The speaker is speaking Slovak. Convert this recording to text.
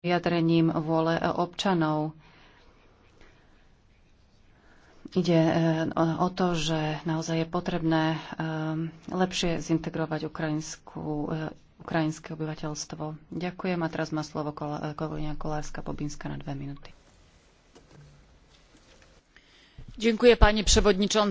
vyjadrením vôle občanov. Ide e, o to, že naozaj je potrebné e, lepšie zintegrovať ukrajinskú, e, ukrajinské obyvateľstvo. Ďakujem a teraz má slovo kolegyňa Kolárska Bobinska na dve minúty. Ďakujem, pani przewodnicząca.